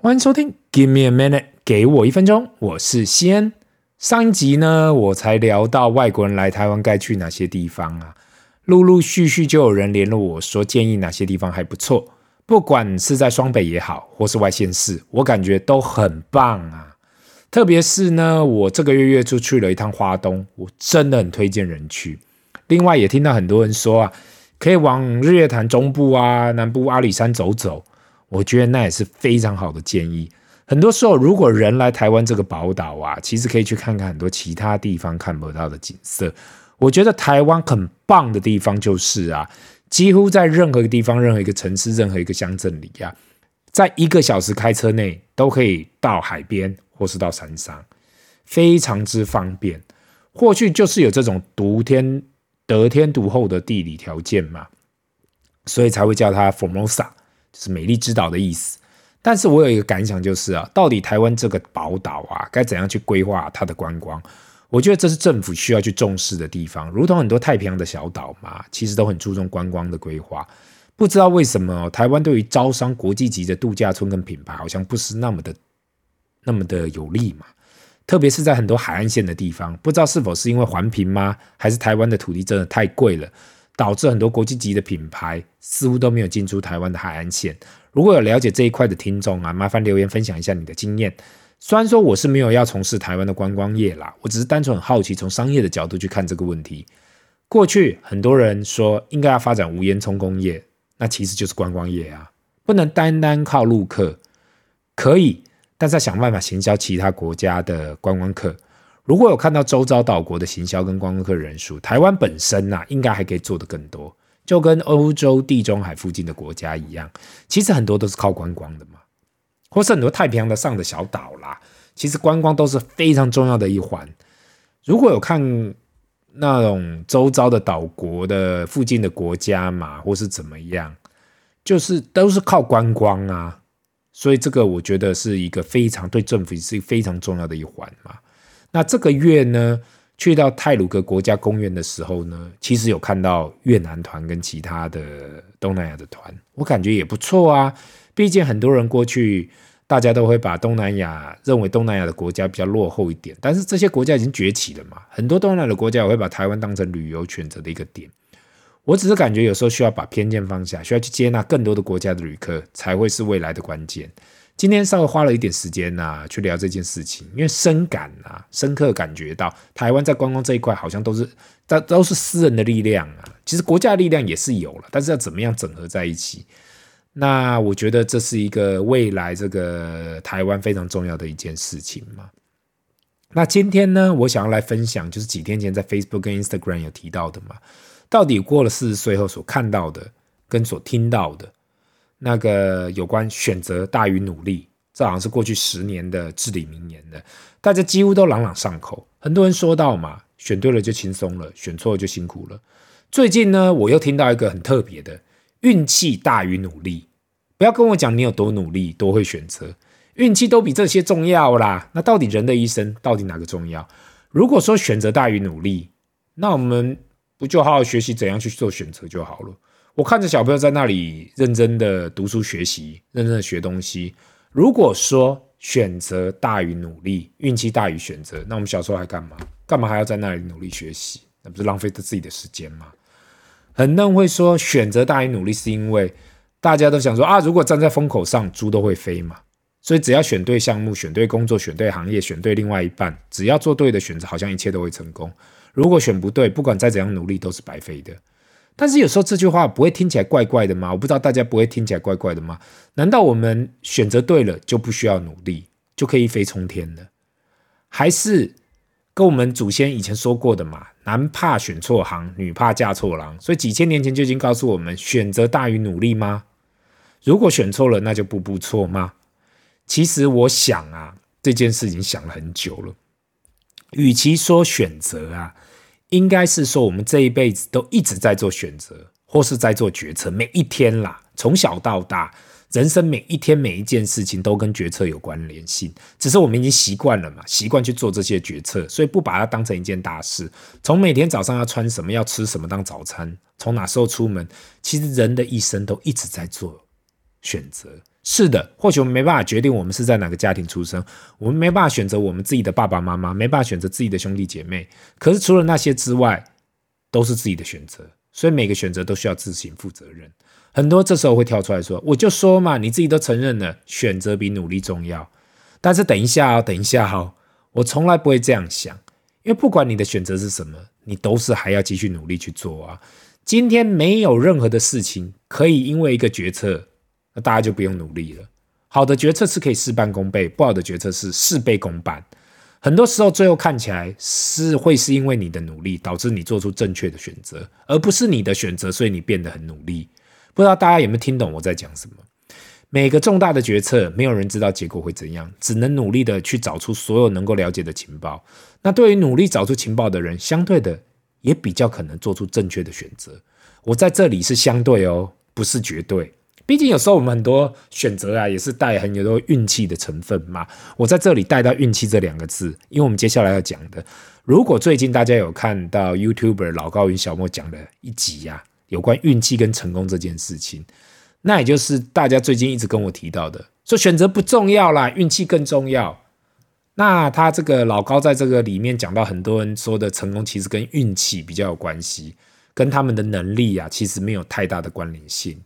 歡迎收聽《Give Me a Minute》，給我一分鐘。我是西安。上一集呢，我才聊到外國人來台灣該去哪些地方啊？陸陸續續就有人聯絡我說，建議哪些地方還不錯。不管是在雙北也好，或是外縣市，我感覺都很棒啊。特別是呢，我這個月月初去了一趟花東，我真的很推薦人去。另外也聽到很多人說啊，可以往日月潭中部啊、南部阿里山走走。我覺得那也是非常好的建議。很多時候，如果人來台灣這個寶島啊，其實可以去看看很多其他地方看不到的景色。我覺得台灣很棒的地方就是啊，幾乎在任何一個地方、任何一個城市、任何一個鄉鎮裡呀、啊，在一個小時開車內都可以到海邊或是到山上，非常之方便。或許就是有這種獨天得天獨厚的地理條件嘛，所以才會叫它 Formosa。就是美麗之島的意思，但是我有一個感想，就是啊，到底台灣這個寶島啊，該怎樣去規劃它的觀光？我覺得這是政府需要去重視的地方。如同很多太平洋的小島嘛，其實都很注重觀光的規劃。不知道為什麼，台灣對於招商國際級的度假村跟品牌，好像不是那麼的，那麼的有利嘛。特別是在很多海岸線的地方，不知道是否是因為環評嗎？還是台灣的土地真的太貴了？導致很多國際級的品牌似乎都沒有進出台灣的海岸線。如果有了解這一塊的聽眾啊，麻煩留言分享一下你的經驗。雖然說我是沒有要從事台灣的觀光業啦，我只是單純很好奇，從商業的角度去看這個問題。過去很多人說應該要發展無煙囪工業，那其實就是觀光業啊，不能單單靠陸客，可以，但是要想辦法行銷其他國家的觀光客。如果有看到周遭島國的行銷跟觀光客人數，台灣本身吶、啊，應該還可以做得更多，就跟歐洲地中海附近的國家一樣，其實很多都是靠觀光的嘛，或是很多太平洋的上的小島啦，其實觀光都是非常重要的一環。如果有看那種周遭的島國的附近的國家嘛，或是怎麼樣，就是都是靠觀光啊，所以這個我覺得是一個非常對政府是非常重要的一環嘛。那這個月呢，去到太魯閣國家公園的時候呢，其實有看到越南團跟其他的東南亞的團，我感覺也不錯啊。畢竟很多人過去，大家都會把東南亞認為東南亞的國家比較落後一點，但是這些國家已經崛起了嘛。很多東南亞的國家也會把台灣當成旅遊選擇的一個點。我只是感覺有時候需要把偏見放下，需要去接納更多的國家的旅客，才會是未來的關鍵。今天稍微花了一點時間吶、啊，去聊這件事情，因為深感啊，深刻感覺到台灣在觀光這一塊好像都是，都都是私人的力量啊，其實國家的力量也是有了，但是要怎麼樣整合在一起？那我覺得這是一個未來這個台灣非常重要的一件事情嘛。那今天呢，我想要來分享，就是幾天前在 Facebook 跟 Instagram 有提到的嘛，到底過了四十歲後所看到的跟所聽到的。那個有關選擇大於努力，這好像是過去十年的至理名言了，大家幾乎都朗朗上口。很多人說到嘛，選對了就輕鬆了，選錯了就辛苦了。最近呢，我又聽到一個很特別的，運氣大於努力。不要跟我講你有多努力，多會選擇，運氣都比這些重要啦。那到底人的一生，到底哪個重要？如果說選擇大於努力，那我們不就好好學習怎樣去做選擇就好了？我看着小朋友在那裡認真的讀書學習，認真的學東西。如果說選擇大於努力，運氣大於選擇，那我們小時候還幹嘛？幹嘛還要在那裡努力學習？那不是浪費他自己的時間嗎？很多人會說，選擇大於努力，是因為大家都想說啊，如果站在風口上，豬都會飛嘛。所以只要選對項目、選對工作、選對行業、選對另外一半，只要做對的選擇，好像一切都會成功。如果選不對，不管再怎樣努力，都是白費的。但是有時候這句話不會聽起來怪怪的嗎？我不知道大家不會聽起來怪怪的嗎？難道我們選擇對了就不需要努力就可以一飛沖天了？還是跟我們祖先以前說過的嘛，男怕選錯行，女怕嫁錯郎，所以幾千年前就已經告訴我們，選擇大於努力嗎？如果選錯了，那就步步錯嗎？其實我想啊，這件事情想了很久了，與其說選擇啊。應該是說，我們這一輩子都一直在做選擇，或是在做決策。每一天啦，從小到大，人生每一天每一件事情都跟決策有關聯性。只是我們已經習慣了嘛，習慣去做這些決策，所以不把它當成一件大事。從每天早上要穿什麼，要吃什麼當早餐，從哪時候出門，其實人的一生都一直在做。選擇是的，或許我們沒辦法決定我們是在哪個家庭出生，我們沒辦法選擇我們自己的爸爸媽媽，沒辦法選擇自己的兄弟姐妹。可是除了那些之外，都是自己的選擇，所以每個選擇都需要自行負責任。很多這時候會跳出來說：“我就說嘛，你自己都承認了，選擇比努力重要。”但是等一下哦，等一下哦，我從來不會這樣想，因為不管你的選擇是什麼，你都是還要繼續努力去做啊。今天沒有任何的事情可以因為一個決策大家就不用努力了。好的決策是可以事半功倍，不好的決策是事倍功半。很多時候，最後看起來是會是因為你的努力導致你做出正確的選擇，而不是你的選擇，所以你變得很努力。不知道大家有沒有聽懂我在講什麼？每個重大的決策，沒有人知道結果會怎樣，只能努力的去找出所有能夠了解的情報。那對於努力找出情報的人，相對的也比較可能做出正確的選擇。我在這裡是相對哦，不是絕對。畢竟有時候我們很多選擇啊，也是帶很多運氣的成分嘛。我在這裡帶到“運氣”這兩個字，因為我們接下來要講的，如果最近大家有看到 YouTuber 老高與小莫講的一集呀，啊，有關運氣跟成功這件事情，那也就是大家最近一直跟我提到的，說選擇不重要啦，運氣更重要。那他這個老高在這個裡面講到，很多人說的成功其實跟運氣比較有關係，跟他們的能力啊，其實沒有太大的關聯性。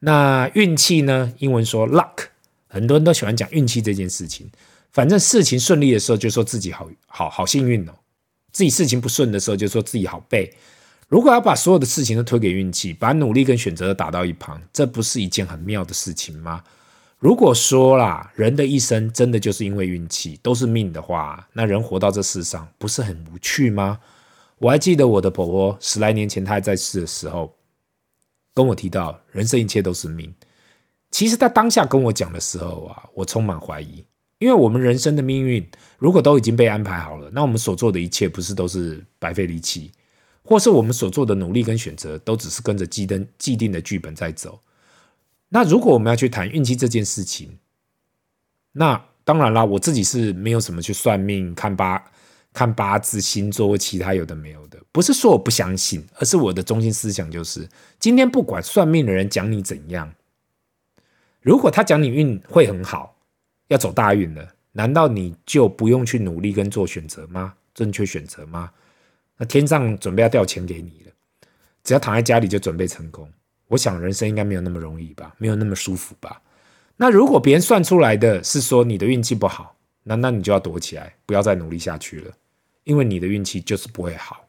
那運氣呢？英文說 luck，很多人都喜歡講運氣這件事情。反正事情順利的時候，就說自己好好好幸運哦；自己事情不順的時候，就說自己好背。如果要把所有的事情都推給運氣，把努力跟選擇都打到一旁，這不是一件很妙的事情嗎？如果說啦，人的一生真的就是因為運氣，都是命的話，那人活到這世上不是很無趣嗎？我還記得我的婆婆十來年前她還在世的時候。跟我提到人生一切都是命，其實在當下跟我講的時候啊，我充滿懷疑，因為我們人生的命運如果都已經被安排好了，那我們所做的一切不是都是白費力氣，或是我們所做的努力跟選擇都只是跟着既定既定的劇本在走。那如果我們要去談運氣這件事情，那當然啦，我自己是沒有什麼去算命看八字。看八字、星座或其他有的沒有的，不是說我不相信，而是我的中心思想就是：今天不管算命的人講你怎樣，如果他講你運會很好，要走大運了，難道你就不用去努力跟做選擇嗎？正確選擇嗎？那天上準備要掉錢給你了，只要躺在家裡就準備成功。我想人生應該沒有那麼容易吧，沒有那麼舒服吧？那如果別人算出來的是說你的運氣不好，那，那你就要躲起來，不要再努力下去了，因為你的運氣就是不會好。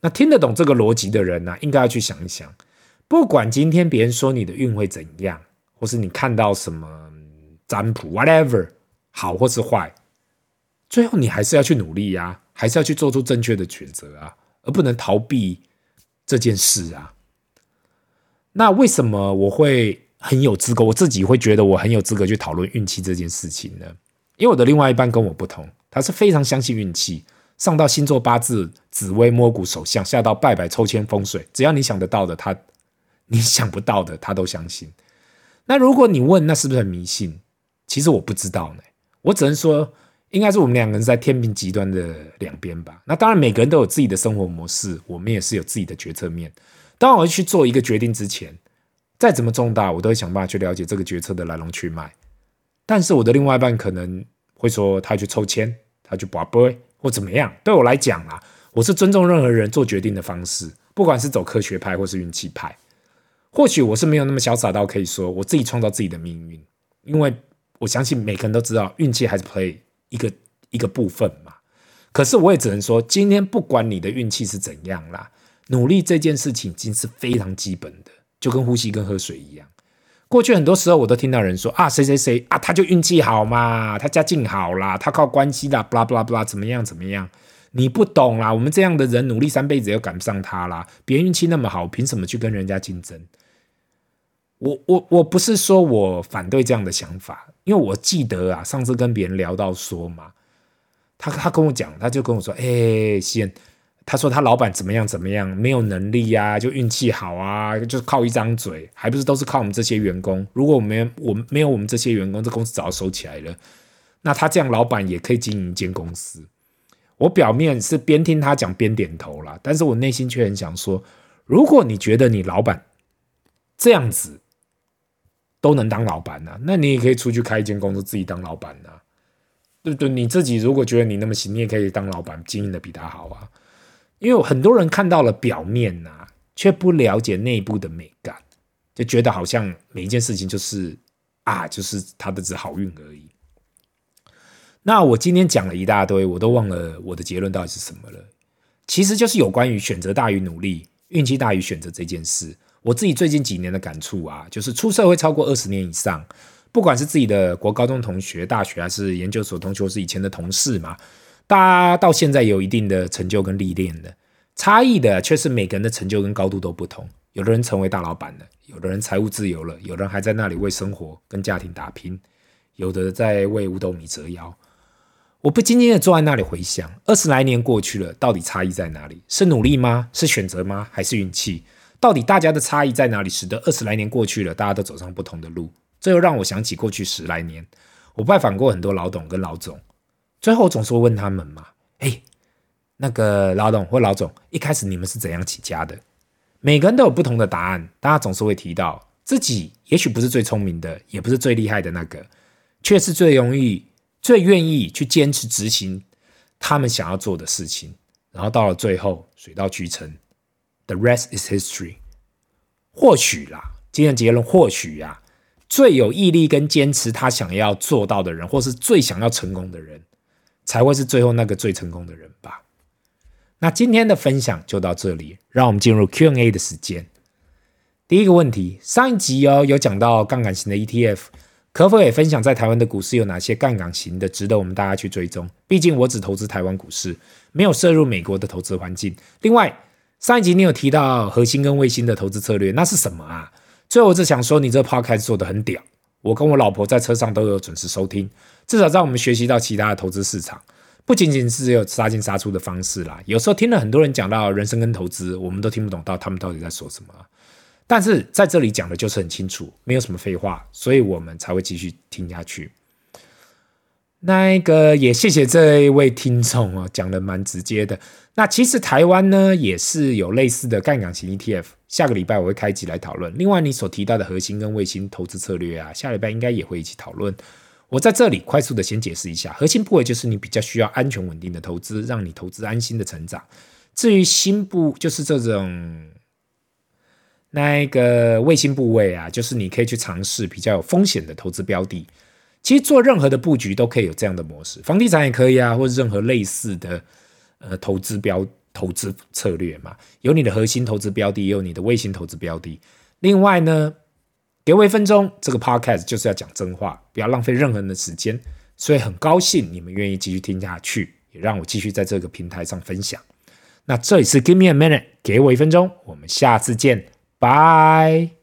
那聽得懂這個邏輯的人呢、啊，應該要去想一想，不管今天別人說你的運會怎樣，或是你看到什麼占卜，whatever，好或是壞，最後你還是要去努力呀、啊，還是要去做出正確的選擇啊，而不能逃避這件事啊。那為什麼我會很有資格？我自己會覺得我很有資格去討論運氣這件事情呢？因為我的另外一半跟我不同，他是非常相信運氣，上到星座八字、紫微摸骨、手相，下到拜拜、抽籤、風水，只要你想得到的，他，你想不到的，他都相信。那如果你問那是不是很迷信？其實我不知道呢，我只能說應該是我們兩個人在天秤極端的兩邊吧。那當然，每個人都有自己的生活模式，我們也是有自己的決策面。當我去做一個決定之前，再怎麼重大，我都會想辦法去了解這個決策的來龍去脈。但是我的另外一半可能。會說他會去抽籤，他去拔 b 或怎麼樣？對我來講、啊、我是尊重任何人做決定的方式，不管是走科學派或是運氣派。或許我是沒有那麼瀟灑到可以說我自己創造自己的命運，因為我相信每個人都知道運氣還是 play 一個一個部分嘛。可是我也只能說，今天不管你的運氣是怎樣啦，努力這件事情已經是非常基本的，就跟呼吸跟喝水一樣。過去很多時候我都聽到人說啊，誰誰誰啊，他就運氣好嘛，他家境好啦，他靠關係啦，blah blah blah，怎麼樣怎麼樣，你不懂啦，我們這樣的人努力三輩子又趕不上他啦，別人運氣那麼好，憑什麼去跟人家競爭？我我我不是說我反對這樣的想法，因為我記得啊，上次跟別人聊到說嘛，他他跟我講，他就跟我說，哎，先。他說他老闆怎麼樣怎麼樣沒有能力啊，就運氣好啊，就靠一張嘴，還不是都是靠我們這些員工。如果我們我們沒有我們這些員工，這公司早就收起來了。那他這樣老闆也可以經營一間公司。我表面是邊聽他講邊點頭啦，但是我內心卻很想說：如果你覺得你老闆這樣子都能當老闆啊，那你也可以出去開一間公司自己當老闆啊，對不對？你自己如果覺得你那麼行，你也可以當老闆，經營得比他好啊。因為很多人看到了表面吶、啊，卻不了解內部的美感，就覺得好像每一件事情就是啊，就是他的只是好運而已。那我今天講了一大堆，我都忘了我的結論到底是什麼了。其實就是有關於選擇大於努力，運氣大於選擇這件事。我自己最近幾年的感觸啊，就是出社會超過二十年以上，不管是自己的國高中同學、大學，還是研究所同學，或是以前的同事嘛。大家到現在有一定的成就跟歷練了，差異的卻是每個人的成就跟高度都不同。有的人成為大老闆了，有的人財務自由了，有的人還在那裡為生活跟家庭打拼，有的在為五斗米折腰。我不禁地坐在那裡回想，二十來年過去了，到底差異在哪裡？是努力嗎？是選擇嗎？還是運氣？到底大家的差異在哪裡，使得二十來年過去了，大家都走上不同的路？這又讓我想起過去十來年，我拜訪過很多老董跟老總。最後總是會問他們嘛？嘿，那個老董或老總，一開始你們是怎樣起家的？每個人都有不同的答案。大家總是會提到自己，也許不是最聰明的，也不是最厲害的那個，卻是最容易、最願意去堅持執行他們想要做的事情。然後到了最後，水到渠成，The rest is history。或許啦，今天的結論，或許啊，最有毅力跟堅持他想要做到的人，或是最想要成功的人。才會是最後那個最成功的人吧。那今天的分享就到這裡，讓我們進入 Q&A 的時間。第一個問題，上一集哦有講到槓桿型的 ETF，可否也分享在台灣的股市有哪些槓桿型的值得我們大家去追蹤？畢竟我只投資台灣股市，沒有涉入美國的投資環境。另外，上一集你有提到核心跟衛星的投資策略，那是什麼啊？最後我只想說，你這 podcast 做得很屌。我跟我老婆在車上都有準時收聽，至少讓我們學習到其他的投資市場，不僅僅是有殺進殺出的方式啦。有時候聽了很多人講到人生跟投資，我們都聽不懂到他們到底在說什麼。但是在這裡講的就是很清楚，沒有什麼廢話，所以我們才會繼續聽下去。那一個也謝謝這位聽眾啊、哦，講得蠻直接的。那其實台灣呢也是有類似的乾港型 ETF，下個禮拜我會開集來討論。另外，你所提到的核心跟衛星投資策略啊，下禮拜應該也會一起討論。我在這裡快速的先解釋一下，核心部位就是你比較需要安全穩定的投資，讓你投資安心的成長。至於新部就是這種那個衛星部位啊，就是你可以去嘗試比較有風險的投資標的。其實做任何的布局都可以有這樣的模式，房地產也可以啊，或者任何類似的。呃，投資標、投資策略嘛，有你的核心投資標的，也有你的衛星投資標的。另外呢，給我一分鐘，這個 podcast 就是要講真話，不要浪費任何人的時間。所以很高興你們願意繼續聽下去，也讓我繼續在這個平台上分享。那這一次 Give me a minute，給我一分鐘，我們下次見，拜。